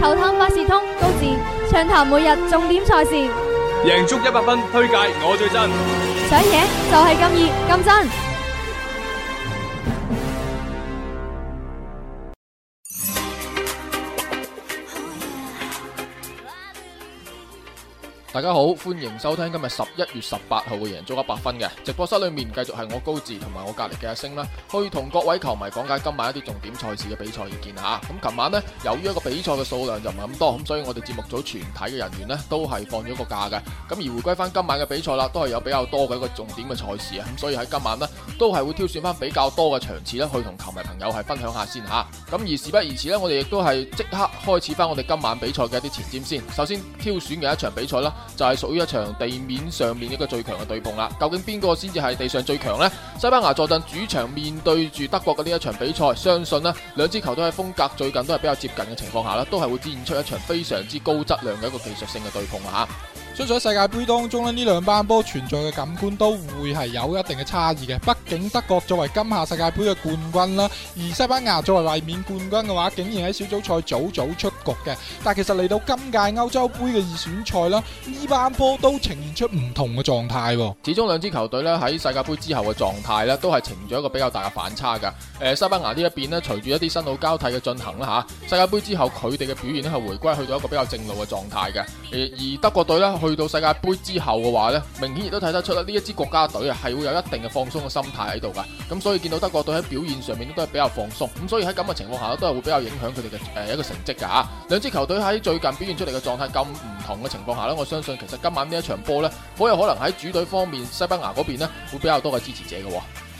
球探百事通高志暢談每日重點賽事，贏足一百分推介我最真，想贏就係咁易咁真。大家好，歡迎收聽今日十一月十八號嘅贏足一百分嘅直播室裏面，繼續係我高志同埋我隔籬嘅阿星啦，去同各位球迷講解今晚一啲重點賽事嘅比賽意見吓。咁、嗯、琴晚呢，由於一個比賽嘅數量就唔係咁多，咁所以我哋節目組全體嘅人員呢都係放咗個假嘅。咁而回歸翻今晚嘅比賽啦，都係有比較多嘅一個重點嘅賽事啊。咁所以喺今晚呢，都係會挑選翻比較多嘅場次呢去同球迷朋友係分享下先吓。咁、嗯、而事不宜遲呢，我哋亦都係即刻開始翻我哋今晚比賽嘅一啲前瞻先。首先挑選嘅一場比賽啦。就係屬於一場地面上面一個最強嘅對碰啦，究竟邊個先至係地上最強呢？西班牙坐鎮主場面對住德國嘅呢一場比賽，相信咧，兩支球隊喺風格最近都係比較接近嘅情況下咧，都係會展現出一場非常之高質量嘅一個技術性嘅對碰啊！出咗世界杯當中呢，呢兩班波存在嘅感官都會係有一定嘅差異嘅。畢竟德國作為今夏世界杯嘅冠軍啦，而西班牙作為衛冕冠軍嘅話，竟然喺小組賽早早出局嘅。但其實嚟到今屆歐洲杯嘅預選賽啦，呢班波都呈現出唔同嘅狀態。始終兩支球隊咧喺世界杯之後嘅狀態咧，都係呈現一個比較大嘅反差噶。誒，西班牙呢一邊咧，隨住一啲新老交替嘅進行啦吓，世界杯之後佢哋嘅表現咧係回歸去到一個比較正路嘅狀態嘅。而而德國隊咧去到世界杯之後嘅話咧，明顯亦都睇得出啦。呢一支國家隊啊，係會有一定嘅放鬆嘅心態喺度噶。咁所以見到德國隊喺表現上面都係比較放鬆。咁所以喺咁嘅情況下都係會比較影響佢哋嘅誒一個成績噶吓。兩支球隊喺最近表現出嚟嘅狀態咁唔同嘅情況下咧，我相信其實今晚呢一場波呢，好有可能喺主隊方面，西班牙嗰邊呢會比較多嘅支持者嘅。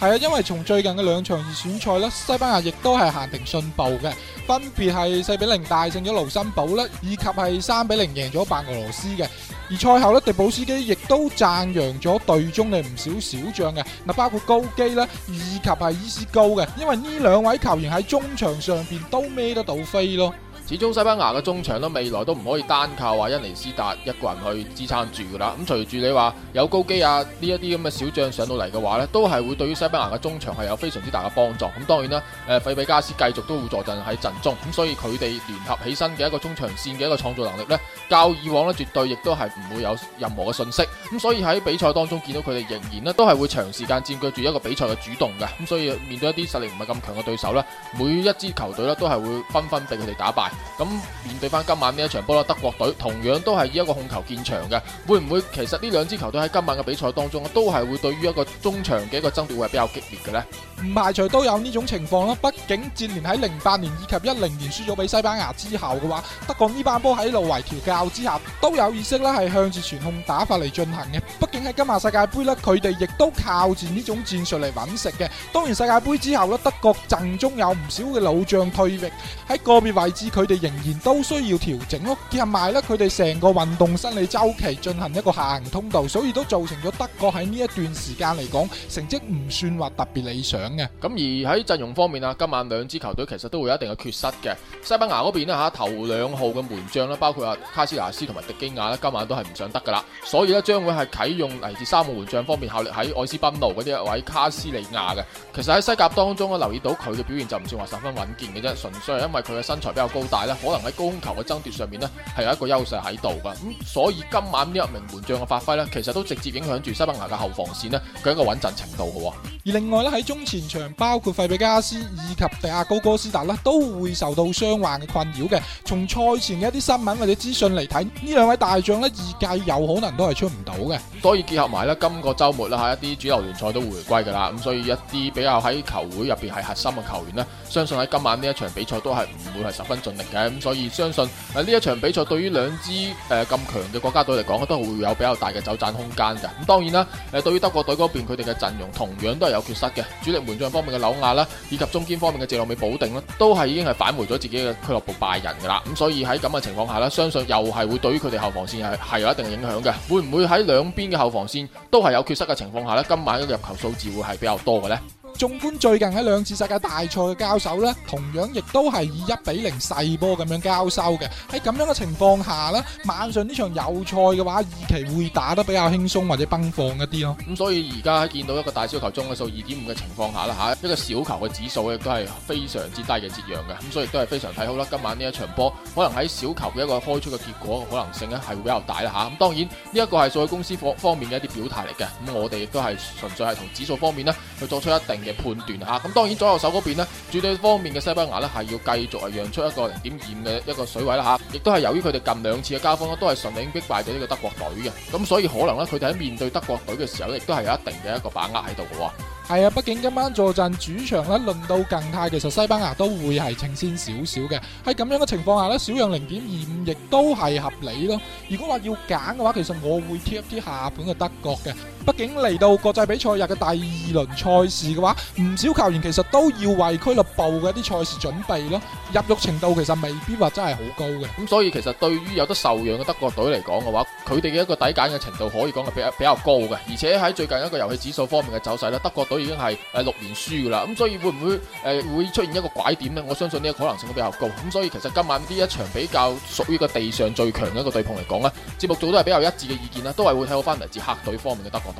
係啊，因為從最近嘅兩場預選賽呢，西班牙亦都係限定信步嘅，分別係四比零大勝咗盧森堡啦，以及係三比零贏咗白俄羅斯嘅。而賽後咧，迪布斯基亦都讚揚咗隊中嘅唔少小將嘅，嗱，包括高基啦，以及係伊斯高嘅，因為呢兩位球員喺中場上邊都孭得到飛咯。始終西班牙嘅中場呢，未來都唔可以單靠話恩尼斯達一個人去支撐住噶啦。咁隨住你話有高基啊呢一啲咁嘅小將上到嚟嘅話呢，都係會對於西班牙嘅中場係有非常之大嘅幫助。咁當然啦，誒費比加斯繼續都會坐鎮喺陣中，咁所以佢哋聯合起身嘅一個中場線嘅一個創造能力呢，較以往咧絕對亦都係唔會有任何嘅遜色。咁所以喺比賽當中見到佢哋仍然呢都係會長時間佔據住一個比賽嘅主動嘅。咁所以面對一啲實力唔係咁強嘅對手呢，每一支球隊呢都係會紛紛被佢哋打敗。咁面對翻今晚呢一場波啦，德國隊同樣都係以一個控球見長嘅，會唔會其實呢兩支球隊喺今晚嘅比賽當中都係會對於一個中場嘅一個爭奪會係比較激烈嘅咧？唔排除都有呢種情況啦，畢竟接連喺零八年以及一零年輸咗俾西班牙之後嘅話，德國呢班波喺路維調教之下都有意識啦，係向住傳控打法嚟進行嘅。畢竟喺今晚世界杯咧，佢哋亦都靠住呢種戰術嚟揾食嘅。當然世界杯之後咧，德國陣中有唔少嘅老將退役，喺個別位置佢。哋仍然都需要調整咯，兼埋咧，佢哋成個運動生理週期進行一個下行通道，所以都造成咗德國喺呢一段時間嚟講成績唔算話特別理想嘅。咁而喺陣容方面啊，今晚兩支球隊其實都會有一定嘅缺失嘅。西班牙嗰邊呢，吓頭兩號嘅門將咧，包括阿卡斯亞斯同埋迪基亞呢，今晚都係唔想得噶啦。所以呢，將會係啟用嚟自三個門將方面效力喺愛斯賓奴嗰啲一位卡斯利亞嘅。其實喺西甲當中咧，留意到佢嘅表現就唔算話十分穩健嘅啫，純粹係因為佢嘅身材比較高大。可能喺高空球嘅爭奪上面呢，係有一個優勢喺度噶，咁、嗯、所以今晚呢一名門將嘅發揮呢，其實都直接影響住西班牙嘅後防線呢，佢一個穩陣程度嘅。而另外呢，喺中前場，包括費比加斯以及迪亞高哥、哥斯達呢，都會受到傷患嘅困擾嘅。從賽前嘅一啲新聞或者資訊嚟睇，呢兩位大將呢，預計有可能都係出唔到嘅。所以結合埋呢今個周末啦，一啲主流聯賽都回歸噶啦，咁所以一啲比較喺球會入邊係核心嘅球員呢，相信喺今晚呢一場比賽都係唔會係十分盡。咁所以相信誒呢、啊、一場比賽對於兩支誒咁強嘅國家隊嚟講，都係會有比較大嘅走盞空間嘅。咁當然啦，誒、啊、對於德國隊嗰邊，佢哋嘅陣容同樣都係有缺失嘅，主力門將方面嘅紐亞啦，以及中堅方面嘅謝洛美保定啦，都係已經係返回咗自己嘅俱樂部拜仁噶啦。咁所以喺咁嘅情況下呢，相信又係會對於佢哋後防線係係有一定嘅影響嘅。會唔會喺兩邊嘅後防線都係有缺失嘅情況下呢，今晚嘅入球數字會係比較多嘅呢？縱觀最近喺兩次世界大賽嘅交手咧，同樣亦都係以一比零細波咁樣交收嘅。喺咁樣嘅情況下啦，晚上呢場友賽嘅話，預期會打得比較輕鬆或者奔放一啲咯。咁、嗯、所以而家見到一個大小球中嘅數二點五嘅情況下啦，嚇一個小球嘅指數亦都係非常之低嘅折讓嘅。咁所以都係非常睇好啦。今晚呢一場波，可能喺小球嘅一個開出嘅結果可能性咧係會比較大啦。嚇、嗯、咁當然呢一個係數據公司方面嘅一啲表態嚟嘅。咁我哋亦都係純粹係同指數方面啦。去作出一定嘅判斷嚇，咁當然左右手嗰邊咧，主隊方面嘅西班牙呢，係要繼續係讓出一個零點二五嘅一個水位啦吓，亦都係由於佢哋近兩次嘅交鋒咧都係順利逼敗咗呢個德國隊嘅，咁所以可能呢，佢哋喺面對德國隊嘅時候亦都係有一定嘅一個把握喺度嘅喎。係啊，畢竟今晚坐鎮主場呢，輪到近太，其實西班牙都會係稱先少少嘅。喺咁樣嘅情況下呢，小讓零點二五亦都係合理咯。如果話要揀嘅話，其實我會貼啲下盤嘅德國嘅。畢竟嚟到國際比賽日嘅第二輪賽事嘅話，唔少球員其實都要為俱樂部嘅一啲賽事準備咯。入獄程度其實未必話真係好高嘅。咁所以其實對於有得受讓嘅德國隊嚟講嘅話，佢哋嘅一個抵減嘅程度可以講係比較比較高嘅。而且喺最近一個遊戲指數方面嘅走勢咧，德國隊已經係誒六年輸噶啦。咁所以會唔會誒、呃、會出現一個拐點呢？我相信呢個可能性都比較高。咁所以其實今晚呢一場比較屬於個地上最強嘅一個對碰嚟講咧，節目組都係比較一致嘅意見啦，都係會睇好翻嚟自客隊方面嘅德國隊。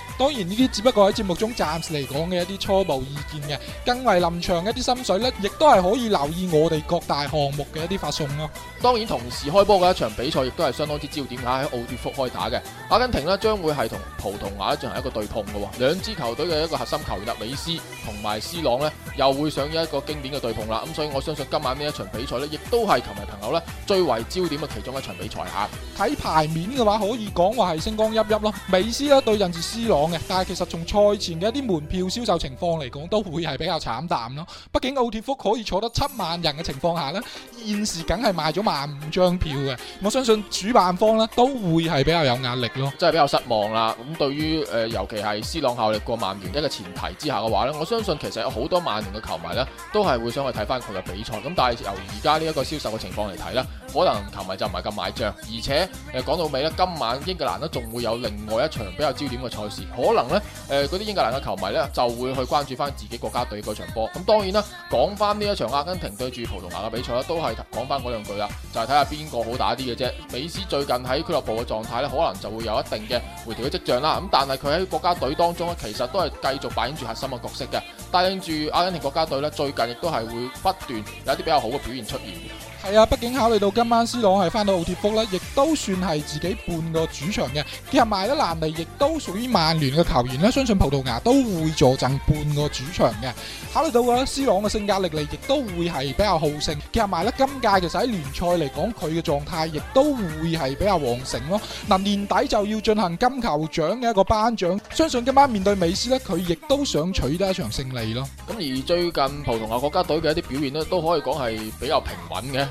當然呢啲只不過喺節目中暫時嚟講嘅一啲初步意見嘅，更為臨場一啲心水呢，亦都係可以留意我哋各大項目嘅一啲發送咯、哦。當然同時開波嘅一場比賽亦都係相當之焦點嚇，喺奧脫福開打嘅阿根廷呢，將會係同葡萄牙呢進行一個對碰嘅喎，兩支球隊嘅一個核心球員阿美斯同埋斯朗呢，又會上演一個經典嘅對碰啦。咁所以我相信今晚呢一場比賽呢，亦都係球迷朋友呢，最為焦點嘅其中一場比賽嚇。睇牌面嘅話，可以講話係星光熠熠咯，美斯呢，對陣住斯朗。但係其實從賽前嘅一啲門票銷售情況嚟講，都會係比較慘淡咯。畢竟奧鐵福可以坐得七萬人嘅情況下呢，現時梗係賣咗萬五張票嘅。我相信主辦方呢，都會係比較有壓力咯，真係比較失望啦。咁對於誒、呃，尤其係斯朗效力過曼聯一個前提之下嘅話呢，我相信其實有好多曼聯嘅球迷呢，都係會想去睇翻佢嘅比賽。咁但係由而家呢一個銷售嘅情況嚟睇呢，可能球迷就唔係咁買賬。而且誒講到尾呢，今晚英格蘭呢，仲會有另外一場比較焦點嘅賽事。可能咧，嗰、呃、啲英格蘭嘅球迷咧就會去關注翻自己國家隊嗰場波。咁當然啦，講翻呢一場阿根廷對住葡萄牙嘅比賽啦，都係講翻嗰兩句啦，就係睇下邊個好打啲嘅啫。美斯最近喺俱樂部嘅狀態咧，可能就會有一定嘅回調嘅跡象啦。咁但係佢喺國家隊當中咧，其實都係繼續扮演住核心嘅角色嘅，帶領住阿根廷國家隊咧，最近亦都係會不斷有一啲比較好嘅表現出現。係啊，畢竟考慮到今晚 C 朗係翻到奧鐵福咧，亦都算係自己半個主場嘅。其實賣得蘭尼亦都屬於曼聯嘅球員啦。相信葡萄牙都會助陣半個主場嘅。考慮到嘅，C 朗嘅性格力嚟，亦都會係比較好勝。其實賣得今屆其實喺聯賽嚟講，佢嘅狀態亦都會係比較旺盛咯。嗱，年底就要進行金球獎嘅一個頒獎，相信今晚面對美斯呢，佢亦都想取得一場勝利咯。咁而最近葡萄牙國家隊嘅一啲表現呢，都可以講係比較平穩嘅。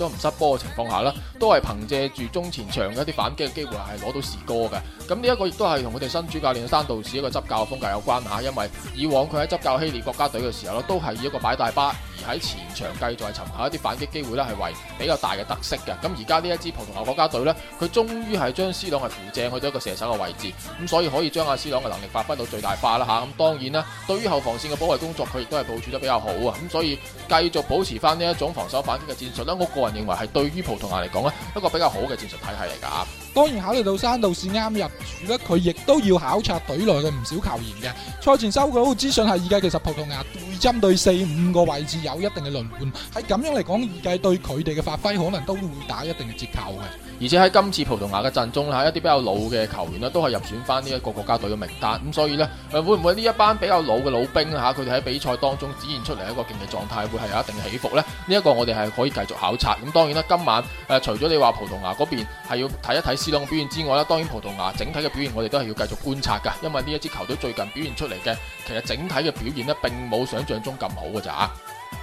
都唔失波嘅情況下啦，都係憑藉住中前場嘅一啲反擊嘅機會係攞到時歌嘅。咁呢一個亦都係同佢哋新主教練山道士一個執教風格有關下，因為以往佢喺執教希臘國家隊嘅時候都係以一個擺大巴而喺前場繼續尋求一啲反擊機會呢係為比較大嘅特色嘅。咁而家呢一支葡萄牙國家隊呢，佢終於係將斯朗係扶正去咗一個射手嘅位置，咁所以可以將阿斯朗嘅能力發揮到最大化啦嚇。咁當然啦，對於後防線嘅保衛工作，佢亦都係部署得比較好啊。咁所以繼續保持翻呢一種防守反擊嘅戰術，我個人，認為係對於葡萄牙嚟講咧，一個比較好嘅戰術體系嚟噶。當然考慮到山道士啱入主咧，佢亦都要考察隊內嘅唔少球員嘅。賽前收到嘅嗰個資訊係預計其實葡萄牙會針對四五個位置有一定嘅輪換。喺咁樣嚟講，預計對佢哋嘅發揮可能都會打一定嘅折扣嘅。而且喺今次葡萄牙嘅陣中一啲比較老嘅球員都係入選翻呢一個國家隊嘅名單。咁所以呢，誒會唔會呢一班比較老嘅老兵佢哋喺比賽當中展現出嚟一個競技狀態，會係有一定起伏呢？呢、這、一個我哋係可以繼續考察。咁當然啦，今晚除咗你話葡萄牙嗰邊係要睇一睇。次量表現之外啦，當然葡萄牙整體嘅表現，我哋都係要繼續觀察㗎，因為呢一支球隊最近表現出嚟嘅，其實整體嘅表現咧並冇想像中咁好㗎咋。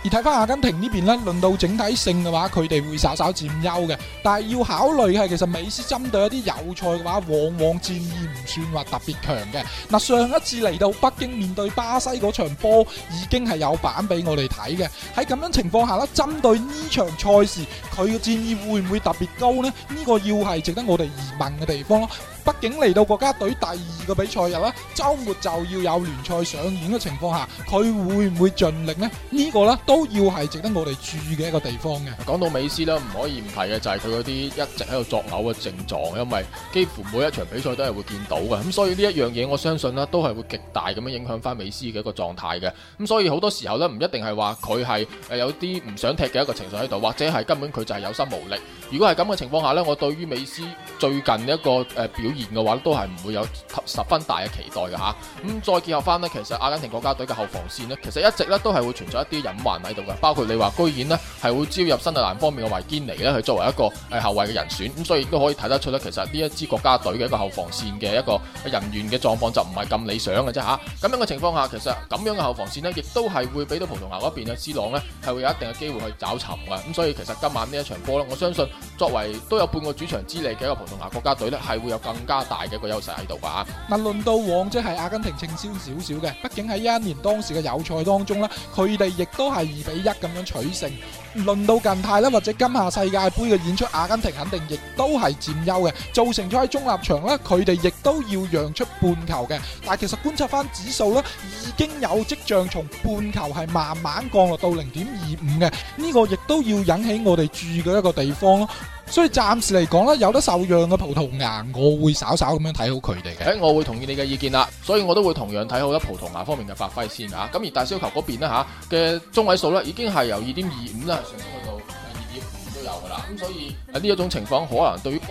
而睇翻阿根廷呢邊咧，論到整體性嘅話，佢哋會稍稍佔優嘅。但係要考慮係，其實美斯針對一啲有賽嘅話，往往戰意唔算話特別強嘅。嗱，上一次嚟到北京面對巴西嗰場波，已經係有版俾我哋睇嘅。喺咁樣情況下啦，針對呢場賽事，佢嘅戰意會唔會特別高咧？呢個要係值得我哋疑問嘅地方咯。畢竟嚟到國家隊第二個比賽日啦，周末就要有聯賽上演嘅情況下，佢會唔會盡力呢？呢、呢個呢，都要係值得我哋注意嘅一個地方嘅。講到美斯呢，唔可以唔提嘅就係佢嗰啲一直喺度作嘔嘅症狀，因為幾乎每一場比賽都係會見到嘅。咁所以呢一樣嘢，我相信呢都係會極大咁樣影響翻美斯嘅一個狀態嘅。咁所以好多時候呢，唔一定係話佢係有啲唔想踢嘅一個情緒喺度，或者係根本佢就係有心無力。如果係咁嘅情況下呢，我對於美斯最近一個誒、呃、表，嘅話都係唔會有十分大嘅期待嘅吓，咁、啊嗯、再結合翻呢，其實阿根廷國家隊嘅後防線呢，其實一直咧都係會存在一啲隱患喺度嘅。包括你話居然呢係會招入新特蘭方面嘅維堅尼咧，去作為一個誒、啊、後衞嘅人選，咁、嗯、所以亦都可以睇得出咧，其實呢一支國家隊嘅一個後防線嘅一個人員嘅狀況就唔係咁理想嘅啫吓，咁、啊、樣嘅情況下，其實咁樣嘅後防線呢，亦都係會俾到葡萄牙嗰邊嘅 C 朗呢，係會有一定嘅機會去找尋嘅。咁、嗯、所以其實今晚呢一場波咧，我相信作為都有半個主場之利嘅一個葡萄牙國家隊呢，係會有更加大嘅一個優勢喺度㗎嗱，輪到往即係、就是、阿根廷勝少少嘅，畢竟喺一年當時嘅友賽當中呢，佢哋亦都係二比一咁樣取勝。輪到近態啦，或者今夏世界盃嘅演出，阿根廷肯定亦都係佔優嘅，造成咗喺中立場呢，佢哋亦都要讓出半球嘅。但係其實觀察返指數啦，已經有跡象從半球係慢慢降落到零點二五嘅，呢、這個亦都要引起我哋注意嘅一個地方咯。所以暫時嚟講咧，有得受讓嘅葡萄牙，我會稍稍咁樣睇好佢哋嘅。誒、欸，我會同意你嘅意見啦。所以我都會同樣睇好咗葡萄牙方面嘅發揮先啊。咁而大小球嗰邊咧嘅、啊、中位數咧，已經係由二點二五啦，上升去到二點五都有噶啦。咁、嗯、所以呢一、嗯啊、種情況，可能對於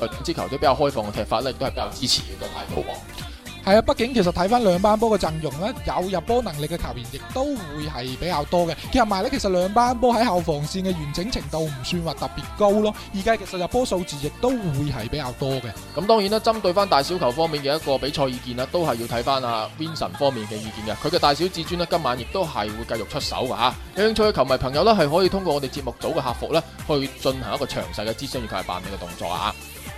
誒支球隊比較開放嘅踢法咧，亦都係比較支持嘅。好啊。係啊，畢竟其實睇翻兩班波嘅陣容咧，有入波能力嘅球員亦都會係比較多嘅。夾埋咧，其實兩班波喺後防線嘅完整程度唔算話特別高咯。而家其實入波數字亦都會係比較多嘅。咁當然啦，針對翻大小球方面嘅一個比賽意見啦，都係要睇翻啊 Vincent 方面嘅意見嘅。佢嘅大小至尊咧，今晚亦都係會繼續出手嘅吓。有興趣嘅球迷朋友咧，係可以通過我哋節目組嘅客服咧，去進行一個詳細嘅諮詢以及係辦理嘅動作啊。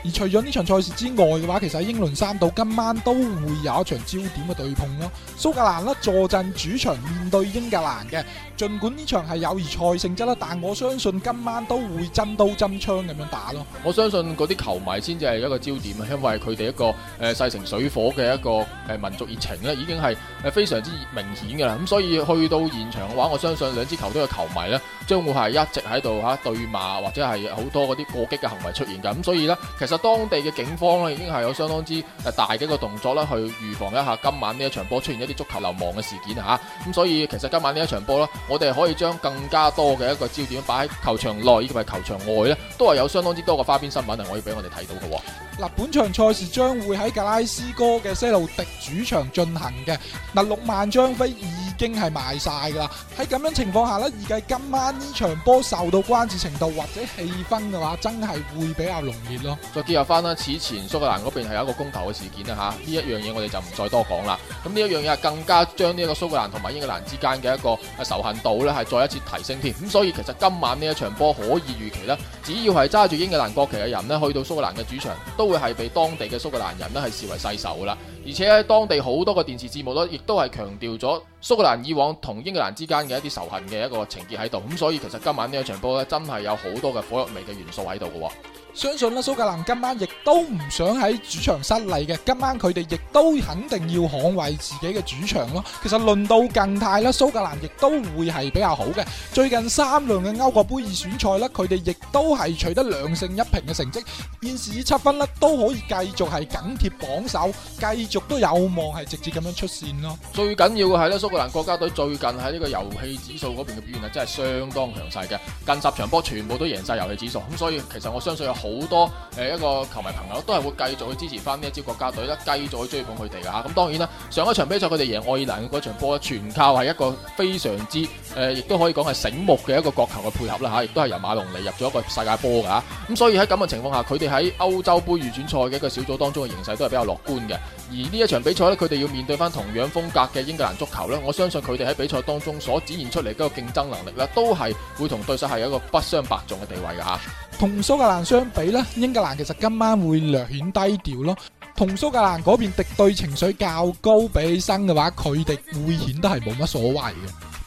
而除咗呢場賽事之外嘅話，其實喺英倫三島今晚都會有一場焦點嘅對碰咯。蘇格蘭呢坐鎮主場面對英格蘭嘅，儘管呢場係友誼賽性質啦，但我相信今晚都會真刀真槍咁樣打咯。我相信嗰啲球迷先至係一個焦點啊，因為佢哋一個誒勢、呃、成水火嘅一個誒民族熱情呢已經係誒非常之明顯噶啦。咁所以去到現場嘅話，我相信兩支球隊嘅球迷呢將會係一直喺度嚇對罵，或者係好多嗰啲過激嘅行為出現㗎。咁所以呢，其實當地嘅警方呢已經係有相當之大嘅一個動作啦，去預防一下今晚呢一場波出現一啲足球流氓嘅事件啊。咁所以其實今晚呢一場波呢，我哋係可以將更加多嘅一個焦點擺喺球場內，以及係球場外呢都係有相當之多嘅花邊新聞啊。係可以俾我哋睇到嘅。嗱，本場賽事將會喺格拉斯哥嘅西路迪主場進行嘅。嗱，六萬張飛已經係賣晒㗎啦。喺咁樣情況下呢，預計今晚呢場波受到關注程度或者氣氛嘅話，真係會比較濃烈咯。再結合翻啦,此前蘇格蘭嗰邊係有一個公投嘅事件啦,吓呢一樣嘢我哋就唔再多講啦。咁呢一樣嘢更加將呢個蘇格蘭同埋英格蘭之間嘅一個仇恨度呢,係再一次提升添。咁所以其實今晚呢一場波可以預期咧,只要係揸住英格蘭國旗嘅人呢,去到蘇格蘭嘅主場,都會係被當地嘅蘇格蘭人咧係視為世仇噶啦。而且喺當地好多個電視節目咯，亦都係強調咗蘇格蘭以往同英格蘭之間嘅一啲仇恨嘅一個情結喺度，咁所以其實今晚呢一場波咧，真係有好多嘅火藥味嘅元素喺度嘅。相信咧，蘇格蘭今晚亦都唔想喺主場失利嘅。今晚佢哋亦都肯定要捍衞自己嘅主場咯。其實輪到近態，咧，蘇格蘭亦都會係比較好嘅。最近三輪嘅歐國杯二選賽咧，佢哋亦都係取得兩勝一平嘅成績，現時七分都可以繼續係緊貼榜首，繼續都有望係直接咁樣出線咯。最緊要嘅係咧，蘇格蘭國家隊最近喺呢個遊戲指數嗰邊嘅表現真係相當強勢嘅，近十場波全部都贏晒遊戲指數。咁所以其實我相信有。好多誒一個球迷朋友都係會繼續去支持翻呢一支國家隊啦，繼續去追捧佢哋㗎嚇。咁當然啦，上一場比賽佢哋贏愛爾蘭嘅嗰場波，全靠係一個非常之誒，亦、呃、都可以講係醒目嘅一個國球嘅配合啦嚇，亦都係由馬龍嚟入咗一個世界波㗎嚇。咁所以喺咁嘅情況下，佢哋喺歐洲杯預選賽嘅一個小組當中嘅形勢都係比較樂觀嘅。而呢一場比賽咧，佢哋要面對返同樣風格嘅英格蘭足球咧，我相信佢哋喺比賽當中所展現出嚟嗰個競爭能力咧，都係會同對手係有一個不相伯仲嘅地位㗎吓。同蘇格蘭相比咧，英格蘭其實今晚會略顯低調咯。同蘇格蘭嗰邊敵對情緒較高，比身嘅話，佢哋會顯得係冇乜所謂嘅。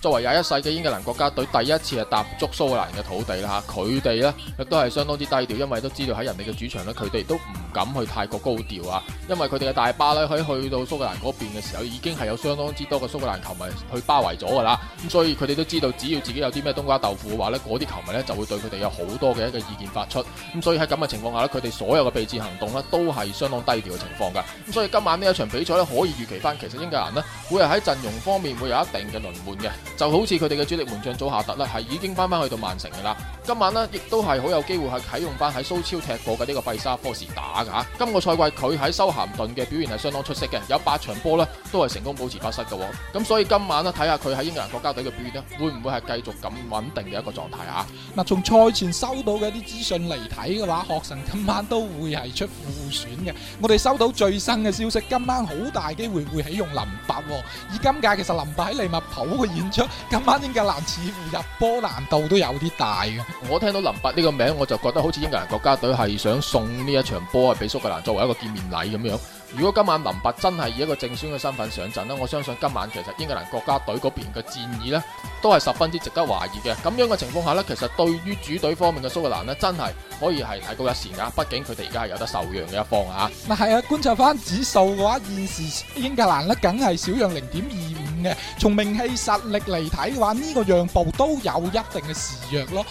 作為廿一世紀嘅英格蘭國家隊，第一次係踏足蘇格蘭嘅土地啦，佢哋咧亦都係相當之低調，因為都知道喺人哋嘅主場咧，佢哋都唔敢去太過高調啊。因為佢哋嘅大巴咧，喺去到蘇格蘭嗰邊嘅時候，已經係有相當之多嘅蘇格蘭球迷去包圍咗㗎啦。咁所以佢哋都知道，只要自己有啲咩冬瓜豆腐嘅話咧，嗰啲球迷咧就會對佢哋有好多嘅一個意見發出。咁所以喺咁嘅情況下咧，佢哋所有嘅備戰行動咧都係相當低調嘅情況㗎。咁所以今晚呢一場比賽咧，可以預期翻，其實英格蘭呢，會係喺陣容方面會有一定嘅輪換嘅。就好似佢哋嘅主力門將祖夏特咧，係已經翻翻去到曼城㗎啦。今晚呢，亦都係好有機會係啟用翻喺蘇超踢過嘅呢個費沙科士打㗎。今個賽季佢喺收咸頓嘅表現係相當出色嘅，有八場波咧都係成功保持不失嘅。哦，咁所以今晚咧睇下佢喺英格蘭國家隊嘅表現咧，會唔會係繼續咁穩定嘅一個狀態啊？嗱，從賽前收到嘅一啲資訊嚟睇嘅話，學神今晚都會係出副選嘅。我哋收到最新嘅消息，今晚好大機會會起用林伯，哦，而今屆其實林伯喺利物浦嘅演出，今晚英格蘭似乎入波難度都有啲大嘅。我聽到林伯呢個名字，我就覺得好似英格蘭國家隊係想送呢一場波啊俾蘇格蘭作為一個見面禮咁樣。如果今晚林白真係以一個正選嘅身份上陣呢，我相信今晚其實英格蘭國家隊嗰邊嘅戰意呢都係十分之值得懷疑嘅。咁樣嘅情況下呢，其實對於主隊方面嘅蘇格蘭呢真係可以係提高一線噶。畢竟佢哋而家係有得受讓嘅一方啊。嗱，係啊，觀察翻指數嘅話，現時英格蘭呢梗係少讓零點二五嘅。從名氣、實力嚟睇嘅話，呢個讓步都有一定嘅時弱咯。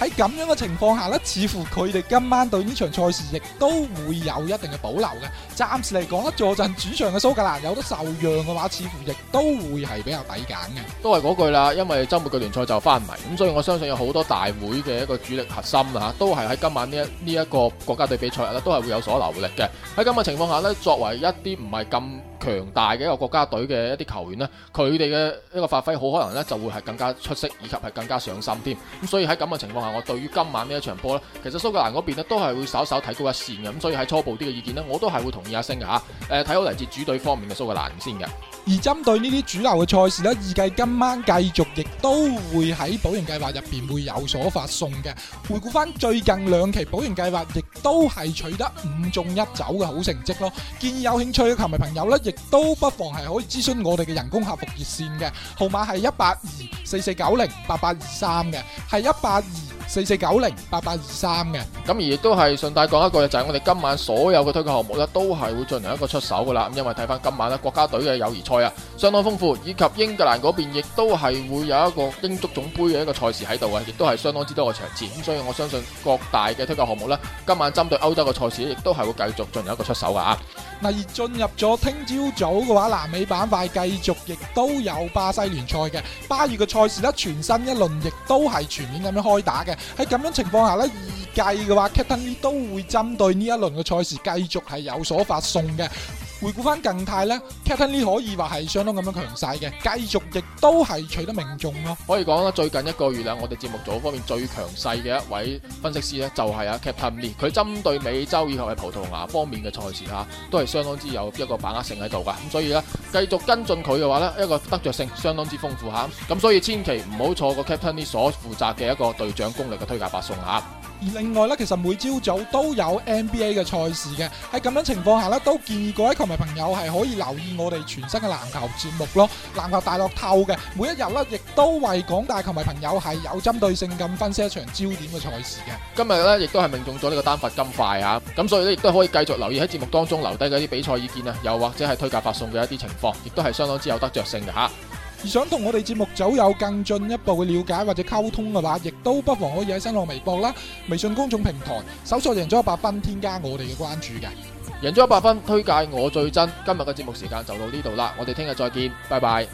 喺咁樣嘅情況下呢，似乎佢哋今晚對呢場賽事亦都會有一定嘅保留嘅。暫時嚟講咧，坐鎮主場嘅蘇格蘭有得受讓嘅話，似乎亦都會係比較抵揀嘅。都係嗰句啦，因為週末嘅聯賽就翻嚟，咁所以我相信有好多大會嘅一個主力核心啊，都係喺今晚呢一呢一,一個國家隊比賽，都係會有所留力嘅。喺咁嘅情況下呢，作為一啲唔係咁強大嘅一個國家隊嘅一啲球員呢，佢哋嘅一個發揮好可能呢就會係更加出色，以及係更加上心添。咁所以喺咁嘅情況下。我對於今晚呢一場波咧，其實蘇格蘭嗰邊都係會稍稍提高一線嘅，咁所以喺初步啲嘅意見咧，我都係會同意阿星嘅嚇。誒，睇好嚟自主隊方面嘅蘇格蘭先嘅。而針對呢啲主流嘅賽事呢，預計今晚繼續亦都會喺保贏計劃入邊會有所發送嘅。回顧返最近兩期保贏計劃，亦都係取得五中一走嘅好成績咯。建議有興趣嘅球迷朋友呢，亦都不妨係可以諮詢我哋嘅人工客服熱線嘅，號碼係一八二四四九零八八二三嘅，係一八二。四四九零八八二三嘅，咁而亦都係順帶講一個，就係我哋今晚所有嘅推介項目呢，都係會進行一個出手噶啦。咁因為睇返今晚呢，國家隊嘅友誼賽啊，相當豐富，以及英格蘭嗰邊亦都係會有一個英足總杯嘅一個賽事喺度啊，亦都係相當之多嘅場次。咁所以我相信各大嘅推介項目呢，今晚針對歐洲嘅賽事，亦都係會繼續進行一個出手噶啊。嗱，而進入咗聽朝早嘅話，南美板塊繼續亦都有巴西聯賽嘅巴爾嘅賽事呢，全新一輪亦都係全面咁樣開打嘅。喺咁樣的情況下呢，預計嘅話 Catania 都會針對呢一輪嘅賽事繼續係有所發送嘅。回顧翻近態咧，Captain Lee 可以話係相當咁樣強勢嘅，繼續亦都係取得命中咯。可以講啦，最近一個月啦，我哋節目組方面最強勢嘅一位分析師咧，就係阿 Captain Lee，佢針對美洲以後係葡萄牙方面嘅賽事下都係相當之有一個把握性喺度噶。咁所以咧，繼續跟進佢嘅話咧，一個得著性相當之豐富嚇。咁所以千祈唔好錯過 Captain Lee 所負責嘅一個隊長功力嘅推介白送嚇。而另外咧，其實每朝早都有 NBA 嘅賽事嘅，喺咁樣情況下呢,都建議各位球迷朋友係可以留意我哋全新嘅籃球節目咯，籃球大樂透嘅每一日咧，亦都為廣大球迷朋友係有針對性咁分析一場焦點嘅賽事嘅。今日咧，亦都係命中咗呢個丹佛金塊啊！咁所以咧，亦都可以繼續留意喺節目當中留低嗰啲比賽意見啊，又或者係推介發送嘅一啲情況，亦都係相當之有得着性嘅吓。啊而想同我哋節目組有更進一步嘅了解或者溝通嘅話，亦都不妨可以喺新浪微博啦、微信公眾平台搜索「贏咗一百分」添加我哋嘅關注嘅。贏咗一百分推介我最真，今日嘅節目時間就到呢度啦，我哋聽日再見，拜拜。